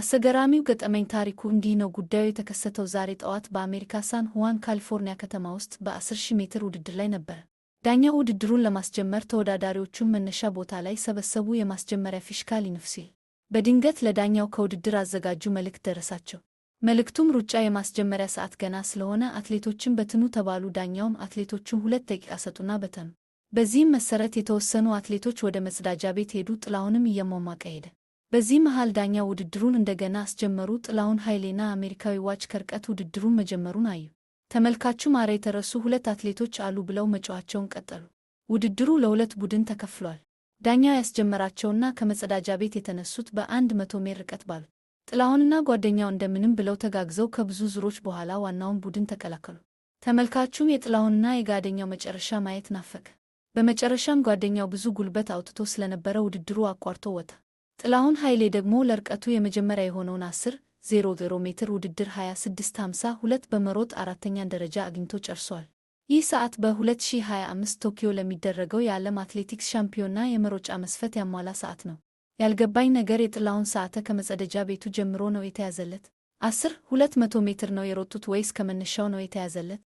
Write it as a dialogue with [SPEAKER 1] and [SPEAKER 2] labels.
[SPEAKER 1] አሰገራሚው ገጠመኝ ታሪኩ እንዲህ ነው። ጉዳዩ የተከሰተው ዛሬ ጠዋት በአሜሪካ ሳን ሁዋን ካሊፎርኒያ ከተማ ውስጥ በ10,000 ሜትር ውድድር ላይ ነበረ። ዳኛው ውድድሩን ለማስጀመር ተወዳዳሪዎቹን መነሻ ቦታ ላይ ሰበሰቡ። የማስጀመሪያ ፊሽካ ሊነፍ ሲል በድንገት ለዳኛው ከውድድር አዘጋጁ መልእክት ደረሳቸው። መልእክቱም ሩጫ የማስጀመሪያ ሰዓት ገና ስለሆነ አትሌቶችን በትኑ ተባሉ። ዳኛውም አትሌቶቹን ሁለት ደቂቃ ሰጡና በተኑ። በዚህም መሰረት የተወሰኑ አትሌቶች ወደ መጽዳጃ ቤት ሄዱ። ጥላሁንም እየሟሟቀ ሄደ። በዚህ መሃል ዳኛ ውድድሩን እንደገና አስጀመሩ። ጥላሁን ኃይሌና አሜሪካዊ ዋች ከርቀት ውድድሩን መጀመሩን አዩ። ተመልካቹም ማረ የተረሱ ሁለት አትሌቶች አሉ ብለው መጫዋቸውን ቀጠሉ። ውድድሩ ለሁለት ቡድን ተከፍሏል። ዳኛው ያስጀመራቸውና ከመጸዳጃ ቤት የተነሱት በአንድ መቶ ሜትር ርቀት ባሉ ጥላሁንና ጓደኛው እንደምንም ብለው ተጋግዘው ከብዙ ዙሮች በኋላ ዋናውን ቡድን ተቀላቀሉ። ተመልካቹም የጥላሁንና የጓደኛው መጨረሻ ማየት ናፈቀ። በመጨረሻም ጓደኛው ብዙ ጉልበት አውጥቶ ስለነበረ ውድድሩ አቋርቶ ወጣ። ጥላሁን ኃይሌ ደግሞ ለርቀቱ የመጀመሪያ የሆነውን 10 00 ሜትር ውድድር 26:52 በመሮጥ አራተኛን ደረጃ አግኝቶ ጨርሷል። ይህ ሰዓት በ2025 ቶኪዮ ለሚደረገው የዓለም አትሌቲክስ ሻምፒዮና የመሮጫ መስፈት ያሟላ ሰዓት ነው። ያልገባኝ ነገር የጥላሁን ሰዓተ ከመጸደጃ ቤቱ ጀምሮ ነው የተያዘለት? 10 200 ሜትር ነው የሮጡት ወይስ ከመነሻው ነው የተያዘለት?